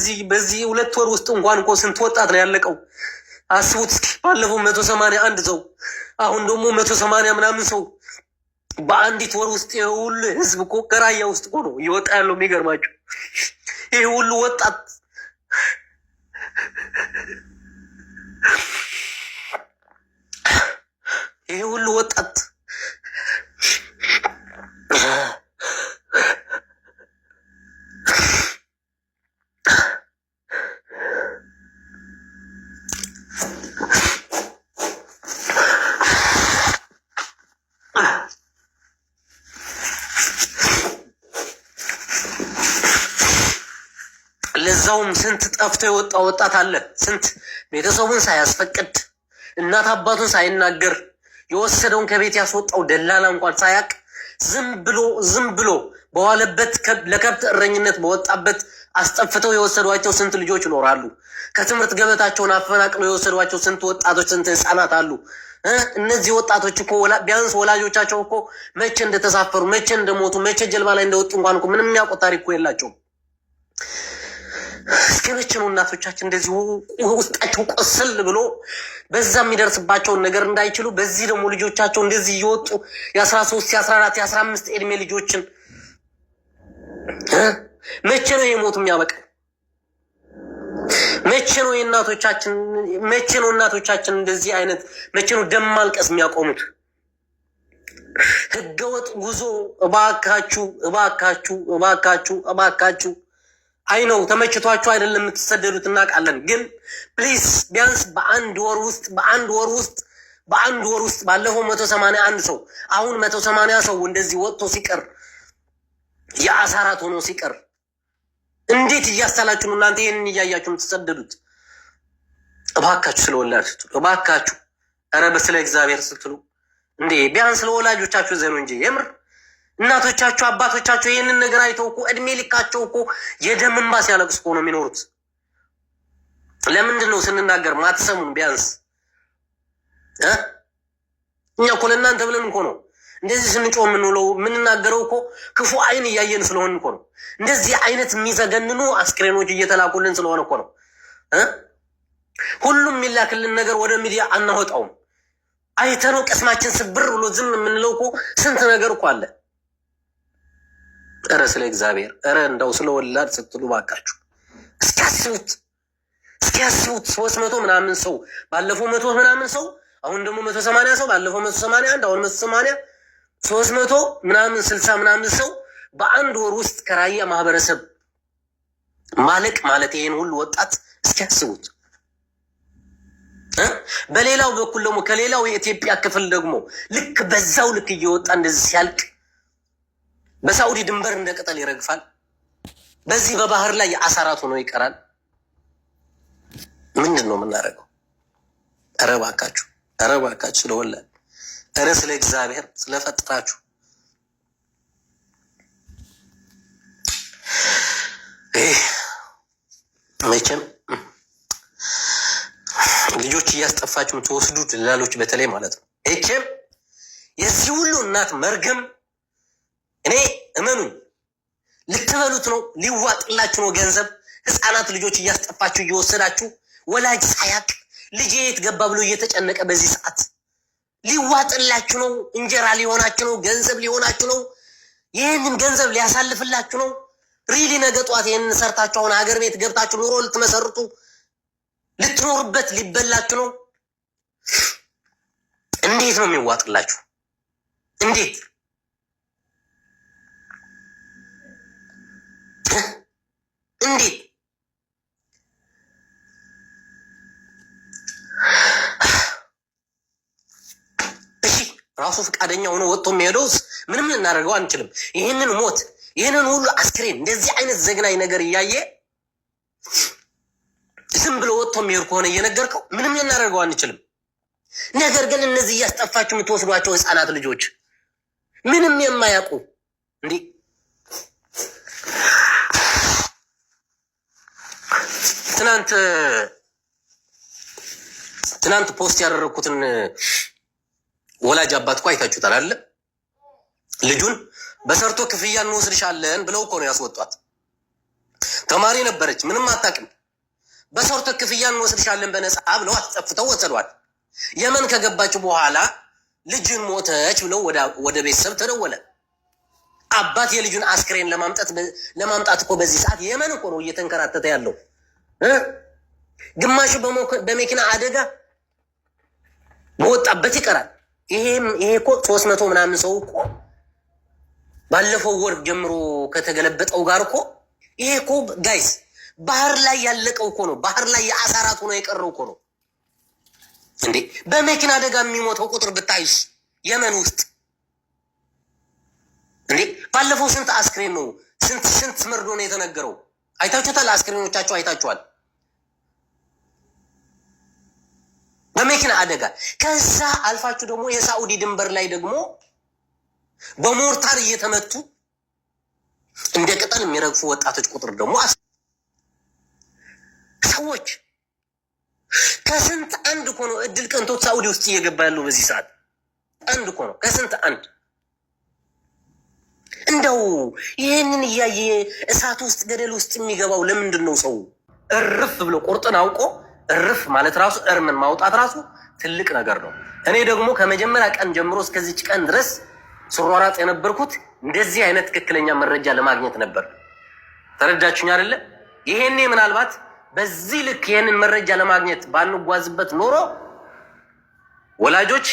በዚህ በዚህ ሁለት ወር ውስጥ እንኳን እኮ ስንት ወጣት ነው ያለቀው? አስቡት እስኪ ባለፈው መቶ ሰማንያ አንድ ሰው አሁን ደግሞ መቶ ሰማንያ ምናምን ሰው በአንዲት ወር ውስጥ ይህ ሁሉ ህዝብ እኮ ከራያ ውስጥ እኮ ነው እየወጣ ያለው። የሚገርማቸው ይህ ሁሉ ወጣት ይህ ሁሉ ወጣት ለዛውም ስንት ጠፍቶ የወጣ ወጣት አለ። ስንት ቤተሰቡን ሳያስፈቅድ እናት አባቱን ሳይናገር የወሰደውን ከቤት ያስወጣው ደላላ እንኳን ሳያቅ ዝም ብሎ ዝም ብሎ በዋለበት ለከብት እረኝነት በወጣበት አስጠፍተው የወሰዷቸው ስንት ልጆች ይኖራሉ። ከትምህርት ገበታቸውን አፈናቅለው የወሰዷቸው ስንት ወጣቶች፣ ስንት ህፃናት አሉ። እነዚህ ወጣቶች እኮ ቢያንስ ወላጆቻቸው እኮ መቼ እንደተሳፈሩ፣ መቼ እንደሞቱ፣ መቼ ጀልባ ላይ እንደወጡ እንኳን ምንም የሚያውቁት ታሪክ እኮ የላቸውም። መቼ ነው እናቶቻችን እንደዚሁ ውስጣቸው ቆስል ብሎ በዛ የሚደርስባቸውን ነገር እንዳይችሉ በዚህ ደግሞ ልጆቻቸው እንደዚህ እየወጡ የአስራ ሶስት የአስራ አራት የአስራ አምስት እድሜ ልጆችን መቼ ነው ይህ ሞት የሚያበቃ? መቼ ነው የእናቶቻችን መቼ ነው እናቶቻችን እንደዚህ አይነት መቼ ነው ደም ማልቀስ የሚያቆሙት? ህገወጥ ጉዞ እባካችሁ እባካችሁ እባካችሁ እባካችሁ አይ ነው ተመችቷችሁ አይደለም የምትሰደዱት፣ እናውቃለን። ግን ፕሊስ ቢያንስ በአንድ ወር ውስጥ በአንድ ወር ውስጥ በአንድ ወር ውስጥ ባለፈው መቶ ሰማንያ አንድ ሰው አሁን መቶ ሰማንያ ሰው እንደዚህ ወጥቶ ሲቀር የአሳ አራት ሆኖ ሲቀር እንዴት እያሳላችሁ ነው እናንተ ይህንን እያያችሁ የምትሰደዱት? እባካችሁ ስለ ወላጅ ስትሉ እባካችሁ፣ ኧረ በስለ እግዚአብሔር ስትሉ እንዴ ቢያንስ ለወላጆቻችሁ ዘኑ እንጂ የምር እናቶቻቸው አባቶቻቸው ይህንን ነገር አይተው እኮ እድሜ ልካቸው እኮ የደም እንባ ሲያለቅስ እኮ ነው የሚኖሩት። ለምንድን ነው ስንናገር ማትሰሙን? ቢያንስ እኛ እኮ ለእናንተ ብለን እኮ ነው እንደዚህ ስንጮ የምንውለው የምንናገረው እኮ ክፉ አይን እያየን ስለሆን እኮ ነው። እንደዚህ አይነት የሚዘገንኑ አስክሬኖች እየተላኩልን ስለሆነ እኮ ነው። ሁሉም የሚላክልን ነገር ወደ ሚዲያ አናወጣውም። አይተነው ቅስማችን ስብር ብሎ ዝም የምንለው እኮ ስንት ነገር እኮ አለ። እረ ስለ እግዚአብሔር ረ እንደው ስለ ወላድ ስትሉ ባካችሁ እስኪያስቡት እስኪያስቡት ሶስት መቶ ምናምን ሰው ባለፈው መቶ ምናምን ሰው አሁን ደግሞ መቶ ሰማንያ ሰው ባለፈው መቶ ሰማንያ አንድ አሁን መቶ ሰማንያ ሶስት መቶ ምናምን ስልሳ ምናምን ሰው በአንድ ወር ውስጥ ከራያ ማህበረሰብ ማለቅ ማለት ይሄን ሁሉ ወጣት እስኪያስቡት። በሌላው በኩል ደግሞ ከሌላው የኢትዮጵያ ክፍል ደግሞ ልክ በዛው ልክ እየወጣ እንደዚህ ሲያልቅ በሳዑዲ ድንበር እንደ ቅጠል ይረግፋል። በዚህ በባህር ላይ አሳራት ሆኖ ይቀራል። ምንድን ነው የምናደርገው? ኧረ እባካችሁ፣ እረ እባካችሁ ስለ እግዚአብሔር ስለፈጠራችሁ መቼም ልጆች እያስጠፋችሁ ትወስዱ ድላሎች፣ በተለይ ማለት ነው። መቼም የዚህ ሁሉ እናት መርገም እኔ እመኑኝ ልትበሉት ነው፣ ሊዋጥላችሁ ነው ገንዘብ። ህፃናት ልጆች እያስጠፋችሁ እየወሰዳችሁ ወላጅ ሳያቅ ልጄ የት ገባ ብሎ እየተጨነቀ በዚህ ሰዓት ሊዋጥላችሁ ነው፣ እንጀራ ሊሆናችሁ ነው፣ ገንዘብ ሊሆናችሁ ነው፣ ይህንን ገንዘብ ሊያሳልፍላችሁ ነው። ሪሊ ነገ ጠዋት ይህንን ሰርታችሁ አሁን ሀገር ቤት ገብታችሁ ኑሮ ልትመሰርቱ ልትኖሩበት ሊበላችሁ ነው። እንዴት ነው የሚዋጥላችሁ? እንዴት እንዴት እሺ፣ ራሱ ፈቃደኛ ሆኖ ወጥቶ የሚሄደውስ ምንም ልናደርገው አንችልም። ይህንን ሞት ይህንን ሁሉ አስክሬን እንደዚህ አይነት ዘግናኝ ነገር እያየ ዝም ብሎ ወጥቶ የሚሄድ ከሆነ እየነገርከው ምንም ልናደርገው አንችልም። ነገር ግን እነዚህ እያስጠፋችሁ የምትወስዷቸው ህፃናት ልጆች ምንም የማያውቁ እንዲህ ትናንት ትናንት ፖስት ያደረግኩትን ወላጅ አባት እኮ አይታችሁታል አለ ልጁን በሰርቶ ክፍያ እንወስድሻለን ብለው እኮ ነው ያስወጧት። ተማሪ ነበረች፣ ምንም አታውቅም። በሰርቶ ክፍያ እንወስድሻለን በነጻ ብለው አስጠፍተው ወሰዷል። የመን ከገባች በኋላ ልጅን ሞተች ብለው ወደ ቤተሰብ ተደወለ። አባት የልጁን አስክሬን ለማምጣት እኮ በዚህ ሰዓት የመን እኮ ነው እየተንከራተተ ያለው። ግማሽ በመኪና አደጋ በወጣበት ይቀራል። ይሄ እኮ ሶስት መቶ ምናምን ሰው እኮ ባለፈው ወር ጀምሮ ከተገለበጠው ጋር እኮ ይሄ እኮ ጋይስ ባህር ላይ ያለቀው እኮ ነው። ባህር ላይ የአሳራት ሆኖ የቀረው እኮ ነው እንዴ! በመኪና አደጋ የሚሞተው ቁጥር ብታይሽ የመን ውስጥ እንዴ! ባለፈው ስንት አስክሬን ነው ስንት ስንት መርዶ ነው የተነገረው? አይታችሁታል። አስክሬኖቻቸው አይታችኋል። በመኪና አደጋ። ከዛ አልፋችሁ ደግሞ የሳዑዲ ድንበር ላይ ደግሞ በሞርታር እየተመቱ እንደ ቅጠል የሚረግፉ ወጣቶች ቁጥር ደግሞ ሰዎች ከስንት አንድ እኮ ነው እድል ቀንቶት ሳዑዲ ውስጥ እየገባ ያለው በዚህ ሰዓት አንድ እኮ ነው ከስንት አንድ። እንደው ይህንን እያየ እሳት ውስጥ ገደል ውስጥ የሚገባው ለምንድን ነው? ሰው እርፍ ብሎ ቁርጥን አውቆ እርፍ ማለት ራሱ እርምን ማውጣት ራሱ ትልቅ ነገር ነው። እኔ ደግሞ ከመጀመሪያ ቀን ጀምሮ እስከዚች ቀን ድረስ ስሯራጥ የነበርኩት እንደዚህ አይነት ትክክለኛ መረጃ ለማግኘት ነበር። ተረዳችሁኝ አይደለ? ይሄኔ ምናልባት በዚህ ልክ ይህንን መረጃ ለማግኘት ባንጓዝበት ኖሮ ወላጆች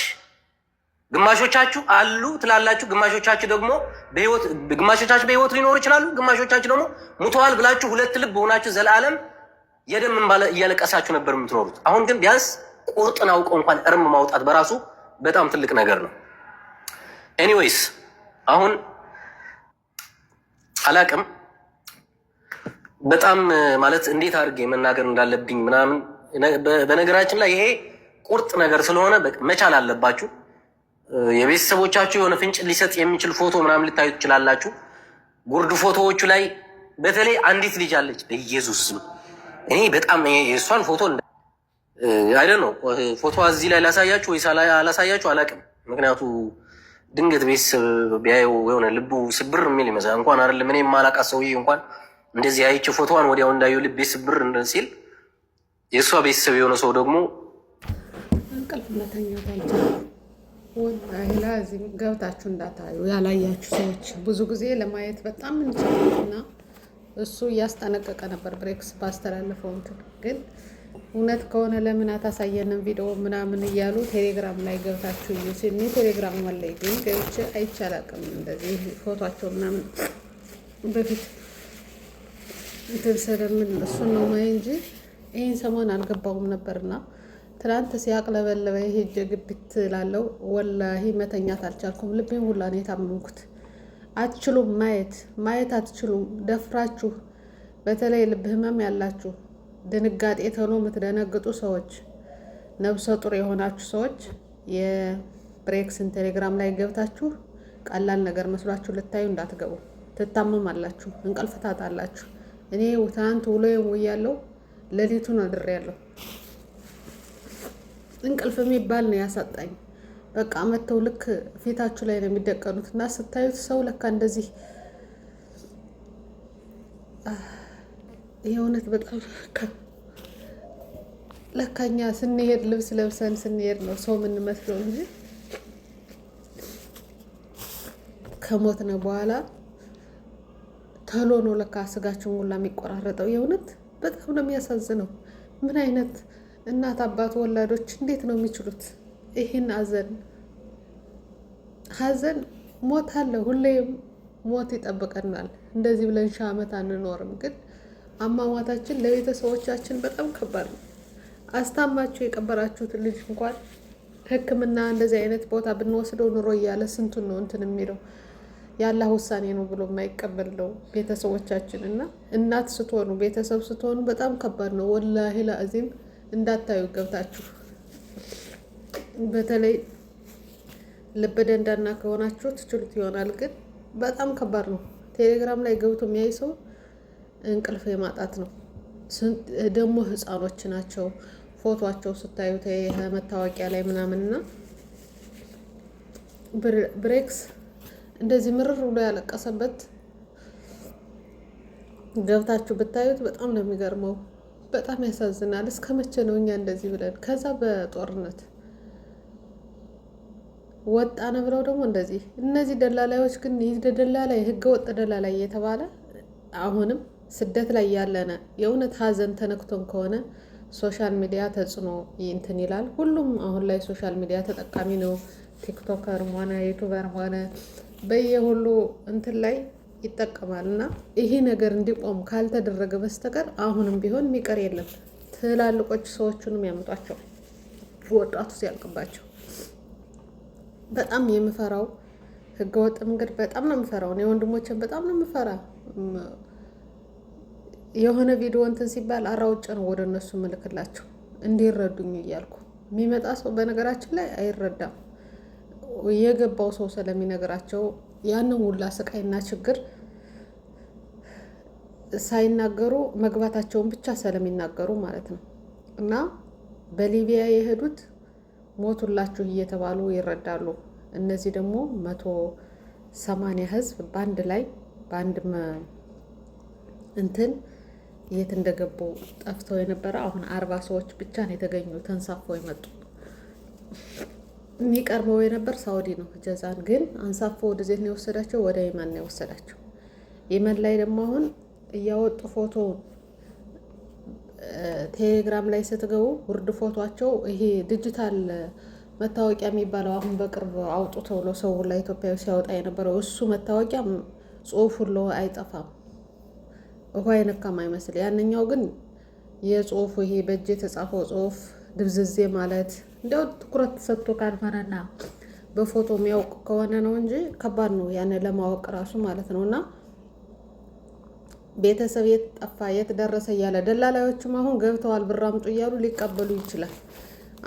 ግማሾቻችሁ አሉ ትላላችሁ፣ ግማሾቻችሁ ደግሞ በህይወት ግማሾቻችሁ በህይወት ሊኖሩ ይችላሉ፣ ግማሾቻችሁ ደግሞ ሙተዋል ብላችሁ ሁለት ልብ ሆናችሁ ዘላለም የደም ባለ እያለቀሳችሁ ነበር የምትኖሩት። አሁን ግን ቢያንስ ቁርጥን አውቀው እንኳን እርም ማውጣት በራሱ በጣም ትልቅ ነገር ነው። ኤኒዌይስ አሁን አላቅም በጣም ማለት እንዴት አድርጌ መናገር እንዳለብኝ ምናምን። በነገራችን ላይ ይሄ ቁርጥ ነገር ስለሆነ መቻል አለባችሁ። የቤተሰቦቻችሁ የሆነ ፍንጭ ሊሰጥ የሚችል ፎቶ ምናምን ልታዩ ትችላላችሁ። ጉርድ ፎቶዎቹ ላይ በተለይ አንዲት ልጅ አለች በኢየሱስ እኔ በጣም የእሷን ፎቶ አይደ ነው ፎቶ እዚህ ላይ ላሳያችሁ ወይስ አላሳያችሁ አላውቅም። ምክንያቱ ድንገት ቤተሰብ ቢያየው የሆነ ልቡ ስብር የሚል ይመስላል። እንኳን አይደለም እኔ የማላውቃት ሰውዬ እንኳን እንደዚህ አይቼ ፎቶዋን ወዲያው እንዳየው ልቤ ስብር ሲል የእሷ ቤተሰብ የሆነ ሰው ደግሞ ገብታችሁ እንዳታዩ ያላያችሁ ሰዎች ብዙ ጊዜ ለማየት በጣም እንችላልና እሱ እያስጠነቀቀ ነበር ብሬክስ ባስተላለፈው እንትን ግን እውነት ከሆነ ለምን አታሳየንም ቪዲዮ ምናምን እያሉ ቴሌግራም ላይ ገብታችሁ እዩ ሲሉ ቴሌግራም ወላይ ግን ገብች አይቻላቅም እንደዚህ ፎቷቸው ምናምን በፊት እንትን ስለምን እሱ ነው ማይ እንጂ ይህን ሰሞን አልገባውም ነበርና ትናንት ሲያቅለበለበ ይሄ ግቢት ላለው ወላሂ መተኛት አልቻልኩም። ልቤን ሁላ ነው የታመምኩት። አትችሉም ማየት ማየት አትችሉም ደፍራችሁ በተለይ ልብ ህመም ያላችሁ ድንጋጤ ተሎ የምትደነግጡ ሰዎች ነብሰ ጡር የሆናችሁ ሰዎች የብሬክስን ቴሌግራም ላይ ገብታችሁ ቀላል ነገር መስሏችሁ ልታዩ እንዳትገቡ። ትታመማላችሁ፣ እንቅልፍ ታጣላችሁ። እኔ ትናንት ውሎ ውያለው ሌሊቱን አድሬያለሁ። እንቅልፍ የሚባል ነው ያሳጣኝ። በቃ መተው ልክ ፊታችሁ ላይ ነው የሚደቀኑት እና ስታዩት ሰው ለካ እንደዚህ የእውነት በጣም ለካኛ ስንሄድ ልብስ ለብሰን ስንሄድ ነው ሰው የምንመስለው እንጂ ከሞትነ በኋላ ተሎ ነው ለካ ስጋችን ሁላ የሚቆራረጠው። የእውነት በጣም ነው የሚያሳዝነው። ምን አይነት እናት አባት ወላዶች እንዴት ነው የሚችሉት? ይህን ሀዘን ሀዘን ሞት አለ። ሁሌም ሞት ይጠብቀናል። እንደዚህ ብለን ሺህ ዓመት አንኖርም። ግን አሟሟታችን ለቤተሰቦቻችን በጣም ከባድ ነው። አስታማችሁ የቀበራችሁት ልጅ እንኳን ሕክምና እንደዚህ አይነት ቦታ ብንወስደው ኑሮ እያለ ስንቱን ነው እንትን የሚለው የአላህ ውሳኔ ነው ብሎ የማይቀበል ነው ቤተሰቦቻችን። እና እናት ስትሆኑ ቤተሰብ ስትሆኑ በጣም ከባድ ነው። ወላሂ ለአዚም እንዳታዩ ገብታችሁ በተለይ ልበደንዳና ከሆናችሁ ትችሉት ይሆናል፣ ግን በጣም ከባድ ነው። ቴሌግራም ላይ ገብቶ የሚያይ ሰው እንቅልፍ የማጣት ነው። ደግሞ ህፃኖች ናቸው። ፎቶቸው ስታዩት መታወቂያ ላይ ምናምንና ብሬክስ እንደዚህ ምርር ብሎ ያለቀሰበት ገብታችሁ ብታዩት በጣም ነው የሚገርመው። በጣም ያሳዝናል። እስከ መቼ ነው እኛ እንደዚህ ብለን ከዛ በጦርነት ወጣን ብለው ደግሞ እንደዚህ እነዚህ ደላላዮች ግን ይህ ደላላይ ህገ ወጥ ደላላይ እየተባለ አሁንም ስደት ላይ ያለነ የእውነት ሀዘን ተነክቶን ከሆነ ሶሻል ሚዲያ ተጽዕኖ እንትን ይላል። ሁሉም አሁን ላይ ሶሻል ሚዲያ ተጠቃሚ ነው። ቲክቶከርም ሆነ ዩቱበር ሆነ በየሁሉ እንትን ላይ ይጠቀማል እና ይሄ ነገር እንዲቆም ካልተደረገ በስተቀር አሁንም ቢሆን የሚቀር የለም። ትላልቆች ሰዎቹንም ያምጧቸው፣ ወጣቱ ሲያልቅባቸው በጣም የምፈራው ህገወጥ መንገድ በጣም ነው የምፈራው። እኔ ወንድሞችን በጣም ነው የምፈራ። የሆነ ቪዲዮ እንትን ሲባል አራውጭ ነው ወደ እነሱ ምልክላቸው እንዲረዱኝ እያልኩ የሚመጣ ሰው በነገራችን ላይ አይረዳም። የገባው ሰው ስለሚነግራቸው ያንን ሁላ ስቃይና ችግር ሳይናገሩ መግባታቸውን ብቻ ስለሚናገሩ ማለት ነው እና በሊቢያ የሄዱት ሞቱላችሁ እየተባሉ ይረዳሉ። እነዚህ ደግሞ መቶ ሰማንያ ህዝብ በአንድ ላይ በአንድ እንትን የት እንደገቡ ጠፍተው የነበረ አሁን አርባ ሰዎች ብቻ ነው የተገኙ ተንሳፎ የመጡ የሚቀርበው የነበር ሳውዲ ነው። ጀዛን ግን አንሳፎ ወደ ዜት ነው የወሰዳቸው፣ ወደ የመን ነው የወሰዳቸው። የመን ላይ ደግሞ አሁን እያወጡ ፎቶውን ቴሌግራም ላይ ስትገቡ ውርድ ፎቷቸው ይሄ ዲጂታል መታወቂያ የሚባለው አሁን በቅርብ አውጡ ተብሎ ሰው ላይ ሲያወጣ የነበረው እሱ መታወቂያ ጽሁፉ ለ አይጠፋም፣ ውሃ የነካም አይመስል። ያንኛው ግን የጽሁፉ ይሄ በእጅ የተጻፈው ጽሁፍ ድብዝዜ ማለት እንዲያው ትኩረት ሰጥቶ ካልሆነና በፎቶ የሚያውቅ ከሆነ ነው እንጂ ከባድ ነው ያን ለማወቅ ራሱ ማለት ነው እና ቤተሰብ የት ጠፋ የት ደረሰ እያለ ደላላዮቹም አሁን ገብተዋል ብር አምጡ እያሉ ሊቀበሉ ይችላል።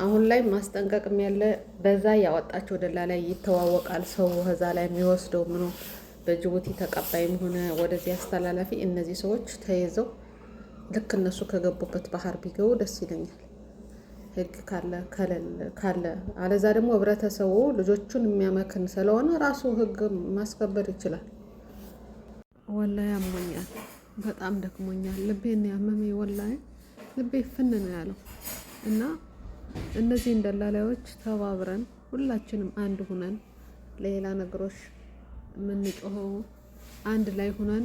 አሁን ላይ ማስጠንቀቅም ያለ በዛ ያወጣቸው ደላላይ ይተዋወቃል። ሰው ከዛ ላይ የሚወስደው ምኖ በጅቡቲ ተቀባይም ሆነ ወደዚህ አስተላላፊ እነዚህ ሰዎች ተይዘው ልክ እነሱ ከገቡበት ባህር ቢገቡ ደስ ይለኛል። ህግ ካለ ካለ አለዛ ደግሞ ህብረተሰቡ ልጆቹን የሚያመክን ስለሆነ ራሱ ህግ ማስከበር ይችላል። ወላሂ ያሞኛል። በጣም ደክሞኛል፣ ልቤን ያመመኝ ወላሂ ልቤ ፍን ነው ያለው እና እነዚህን ደላላዮች ተባብረን ሁላችንም አንድ ሁነን ለሌላ ነገሮች የምንጮኸው አንድ ላይ ሁነን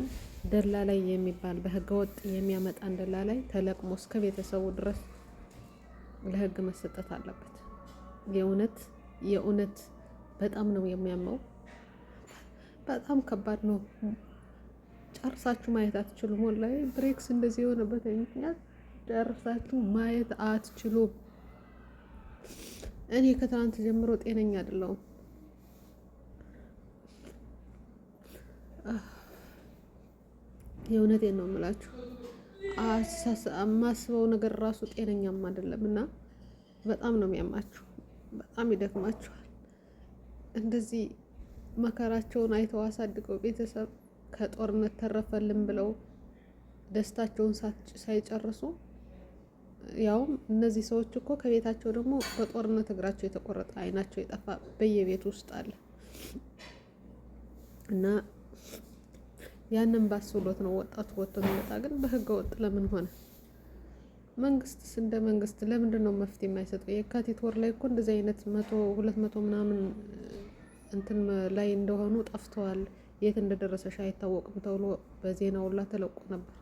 ደላላይ የሚባል በህገወጥ የሚያመጣን ደላላይ ተለቅሞ እስከ ቤተሰቡ ድረስ ለህግ መሰጠት አለበት። የእውነት የእውነት በጣም ነው የሚያመው። በጣም ከባድ ነው። ጨርሳችሁ ማየት አትችሉም። ወላሂ ብሬክስ እንደዚህ የሆነበት ምክንያት ጨርሳችሁ ማየት አትችሉም። እኔ ከትናንት ጀምሮ ጤነኛ አይደለሁም። የእውነቴን ነው የምላችሁ። የማስበው ነገር ራሱ ጤነኛም አይደለም እና በጣም ነው የሚያማችሁ፣ በጣም ይደክማችኋል። እንደዚህ መከራቸውን አይተው አሳድገው ቤተሰብ ከጦርነት ተረፈልን ብለው ደስታቸውን ሳይጨርሱ ያውም እነዚህ ሰዎች እኮ ከቤታቸው ደግሞ በጦርነት እግራቸው የተቆረጠ አይናቸው የጠፋ በየቤት ውስጥ አለ እና ያንን ባስብሎት ነው ወጣቱ ወጥቶ የሚመጣ። ግን በህገ ወጥ ለምን ሆነ? መንግስትስ እንደ መንግስት ለምንድን ነው መፍትሄ የማይሰጠው? የካቲት ወር ላይ እኮ እንደዚህ አይነት መቶ ሁለት መቶ ምናምን እንትን ላይ እንደሆኑ ጠፍተዋል። የት እንደደረሰሽ አይታወቅም ተብሎ በዜና ሁላ ተለቆ ነበር።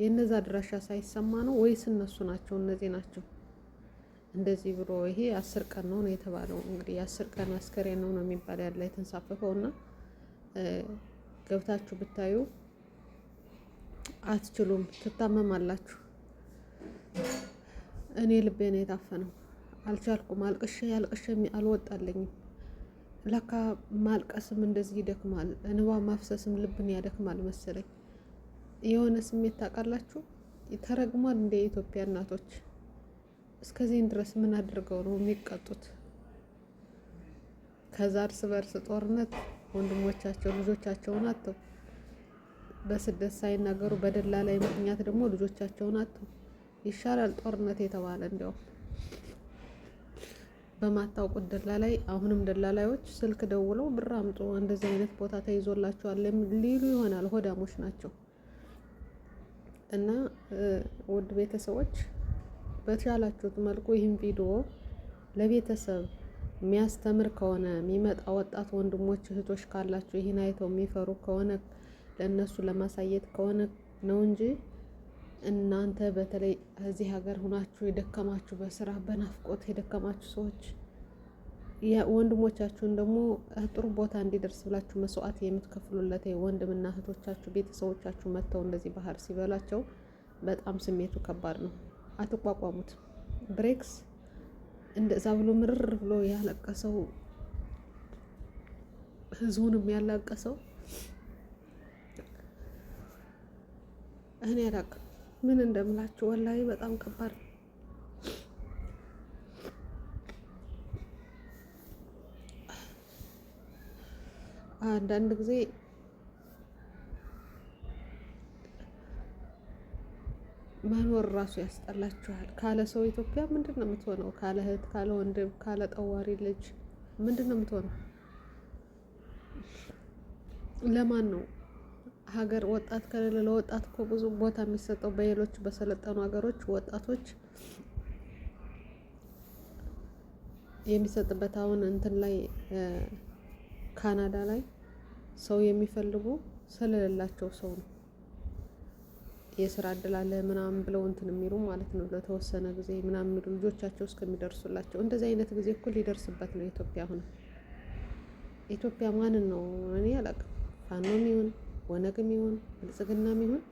የእነዛ አድራሻ ሳይሰማ ነው ወይስ እነሱ ናቸው እነዚህ ናቸው እንደዚህ ብሎ ይሄ አስር ቀን ነው ነው የተባለው። እንግዲህ የአስር ቀን አስከሬን ነው ነው የሚባል ያለ የተንሳፈፈው እና ገብታችሁ ብታዩ አትችሉም፣ ትታመማላችሁ። እኔ ልቤ ነው የታፈነው፣ አልቻልኩም። አልቅሼ አልቅሼ አልወጣለኝም። ለካ ማልቀስም እንደዚህ ይደክማል፣ እንባ ማፍሰስም ልብን ያደክማል መሰለኝ። የሆነ ስሜት ታውቃላችሁ፣ ተረግሟል። እንደ የኢትዮጵያ እናቶች እስከዚህን ድረስ ምን አድርገው ነው የሚቀጡት? ከዛ እርስ በርስ ጦርነት ወንድሞቻቸው ልጆቻቸውን አጥተው በስደት ሳይናገሩ ላይ ምክንያት ደግሞ ልጆቻቸውን አጥተው ይሻላል ጦርነት የተባለ እንዲያውም በማታውቁት ደላላይ አሁንም ደላላዮች ስልክ ደውለው ብር አምጡ፣ እንደዚህ አይነት ቦታ ተይዞላቸዋል ሊሉ ይሆናል። ሆዳሞች ናቸው። እና ውድ ቤተሰቦች በተሻላችሁት መልኩ ይህን ቪዲዮ ለቤተሰብ የሚያስተምር ከሆነ የሚመጣ ወጣት ወንድሞች እህቶች ካላችሁ ይህን አይተው የሚፈሩ ከሆነ ለእነሱ ለማሳየት ከሆነ ነው እንጂ እናንተ በተለይ እዚህ ሀገር ሁናችሁ የደከማችሁ በስራ በናፍቆት የደከማችሁ ሰዎች ወንድሞቻችሁን ደግሞ ጥሩ ቦታ እንዲደርስ ብላችሁ መስዋዕት የምትከፍሉለት ወንድምና እህቶቻችሁ ቤተሰቦቻችሁ መጥተው እንደዚህ ባህር ሲበላቸው በጣም ስሜቱ ከባድ ነው። አትቋቋሙት። ብሬክስ እንደዛ ብሎ ምርር ብሎ ያለቀሰው ህዝቡንም ያላቀሰው እኔ ምን እንደምላችሁ ወላሂ በጣም ከባድ ነው። አንዳንድ ጊዜ መኖር ራሱ ያስጠላችኋል። ካለ ሰው ኢትዮጵያ ምንድን ነው የምትሆነው? ካለ እህት፣ ካለ ወንድም፣ ካለ ጠዋሪ ልጅ ምንድን ነው የምትሆነው? ለማን ነው ሀገር ወጣት ከሌለ ለወጣት እኮ ብዙ ቦታ የሚሰጠው በሌሎች በሰለጠኑ ሀገሮች ወጣቶች የሚሰጥበት አሁን እንትን ላይ ካናዳ ላይ ሰው የሚፈልጉ ስለሌላቸው ሰው ነው። የስራ እድል አለ ምናምን ብለው እንትን የሚሉ ማለት ነው። ለተወሰነ ጊዜ ምናምን የሚሉ ልጆቻቸው እስከሚደርሱላቸው እንደዚህ አይነት ጊዜ እኩል ሊደርስበት ነው ኢትዮጵያ። አሁን ኢትዮጵያ ማንን ነው እኔ አላውቅም። ፋኖም ይሁን ወነግም ይሁን ብልጽግናም ይሁን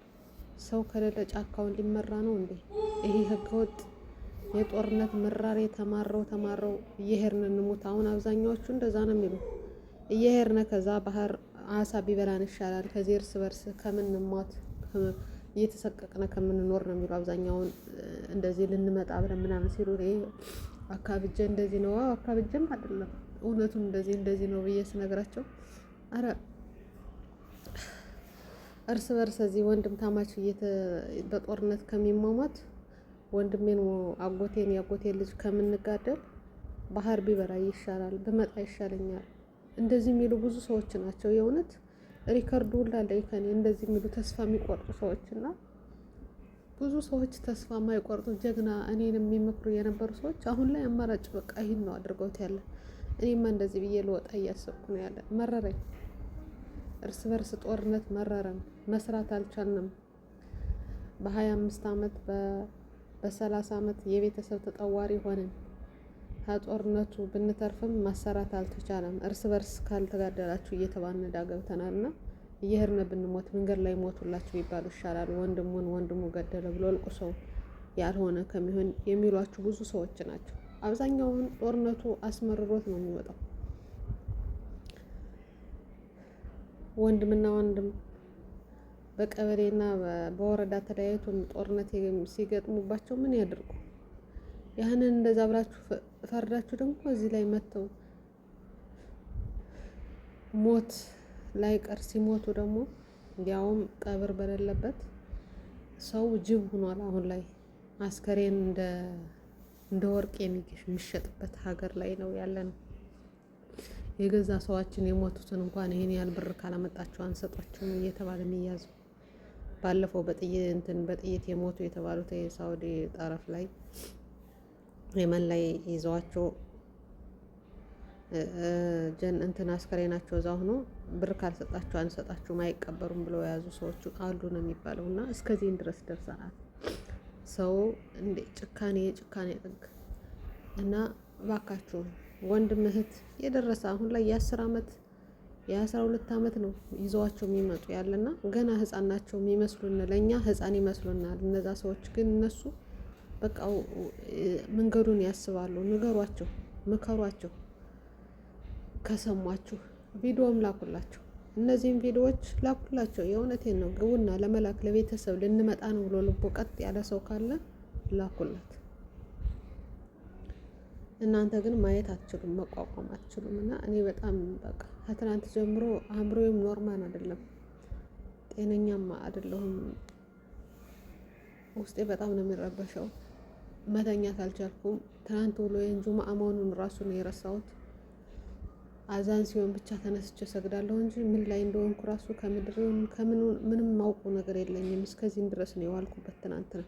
ሰው ከሌለ ጫካውን ሊመራ ነው እንዴ? ይሄ ህገወጥ የጦርነት ምራር ተማረው ተማረው እየሄድን እንሙት። አሁን አብዛኛዎቹ እንደዛ ነው የሚሉ እየሄርነ ከዛ ባህር አሳ ቢበላን ይሻላል ከዚህ እርስ በርስ ከምንሟት እየተሰቀቅነ ከምንኖር ነው የሚሉ አብዛኛውን። እንደዚህ ልንመጣ ብለን ምናምን ሲሉ አካብጀ እንደዚህ ነው አካብጀም አይደለም እውነቱም እንደዚህ እንደዚህ ነው ብዬ ስነግራቸው አረ እርስ በርስ እዚህ ወንድም ታማች በጦርነት ከሚሟሟት ወንድሜን አጎቴን የአጎቴን ልጅ ከምንጋደል ባህር ቢበራ ይሻላል፣ ብመጣ ይሻለኛል። እንደዚህ የሚሉ ብዙ ሰዎች ናቸው። የእውነት ሪከርዱ ሁላ አለኝ ከኔ እንደዚህ የሚሉ ተስፋ የሚቆርጡ ሰዎች እና ብዙ ሰዎች ተስፋ የማይቆርጡ ጀግና እኔን የሚመክሩ የነበሩ ሰዎች አሁን ላይ አማራጭ በቃ ይህን ነው አድርገውት ያለ። እኔማ እንደዚህ ብዬ ልወጣ እያሰብኩ ነው ያለ መረረኝ። እርስ በርስ ጦርነት መረረን፣ መስራት አልቻልንም። በ25 አመት በ30 ዓመት የቤተሰብ ተጠዋሪ ሆንን። ከጦርነቱ ብንተርፍም ማሰራት አልተቻለም። እርስ በርስ ካልተጋደላችሁ እየተባነዳ ዕዳ ገብተናል እና እየሄድን ብንሞት መንገድ ላይ ሞቱላችሁ ቢባሉ ይሻላል። ወንድሙን ወንድሙ ገደለ ብሎ እልቁ ሰው ያልሆነ ከሚሆን የሚሏችሁ ብዙ ሰዎች ናቸው። አብዛኛውን ጦርነቱ አስመርሮት ነው የሚወጣው። ወንድምና ወንድም በቀበሌና በወረዳ ተለያይቶ ጦርነት ሲገጥሙባቸው ምን ያደርጉ? ያህንን እንደዛ ብላችሁ ፈርዳችሁ ደግሞ እዚህ ላይ መጥተው ሞት ላይቀር ሲሞቱ ደግሞ እንዲያውም ቀብር በሌለበት ሰው ጅብ ሆኗል። አሁን ላይ አስከሬን እንደ ወርቅ የሚሸጥበት ሀገር ላይ ነው ያለ ነው። የገዛ ሰዋችን የሞቱትን እንኳን ይሄን ያህል ብር ካላመጣቸው አንሰጧቸውም እየተባለ የሚያዙ ባለፈው በጥይት በጥይት የሞቱ የተባሉት የሳውዲ ጠረፍ ላይ የመን ላይ ይዘዋቸው ጀን እንትን አስከሬናቸው እዛ ሆኖ ብር ካልሰጣችሁ አንሰጣችሁም አይቀበሩም ብለው የያዙ ሰዎች አሉ ነው የሚባለው። እና እስከዚህን ድረስ ደርሰናል። ሰው እንዴ ጭካኔ የጭካኔ ጥግ እና ባካችሁን ወንድም እህት የደረሰ አሁን ላይ የአስር አመት የአስራ ሁለት አመት ነው ይዘዋቸው የሚመጡ ያለና ገና ህፃን ናቸው የሚመስሉን ለእኛ ህፃን ይመስሉናል። እነዛ ሰዎች ግን እነሱ በቃ መንገዱን ያስባሉ። ንገሯቸው፣ ምከሯቸው። ከሰሟችሁ ቪዲዮም ላኩላቸው፣ እነዚህም ቪዲዮዎች ላኩላቸው። የእውነቴን ነው። ግቡና ለመላክ ለቤተሰብ ልንመጣ ነው ብሎ ልቦ ቀጥ ያለ ሰው ካለ ላኩላት። እናንተ ግን ማየት አትችሉም፣ መቋቋም አትችሉም። እና እኔ በጣም በቃ ከትናንት ጀምሮ አእምሮዬም ኖርማል አይደለም፣ ጤነኛም አይደለሁም። ውስጤ በጣም ነው የሚረበሸው። መተኛት አልቻልኩም። ትናንት ውሎ የእንጁማ መሆኑን ራሱ ነው የረሳሁት። አዛን ሲሆን ብቻ ተነስቼ ሰግዳለሁ እንጂ ምን ላይ እንደሆንኩ ራሱ ከምድር ምንም ማውቁ ነገር የለኝም። እስከዚህም ድረስ ነው የዋልኩበት ትናንት ነው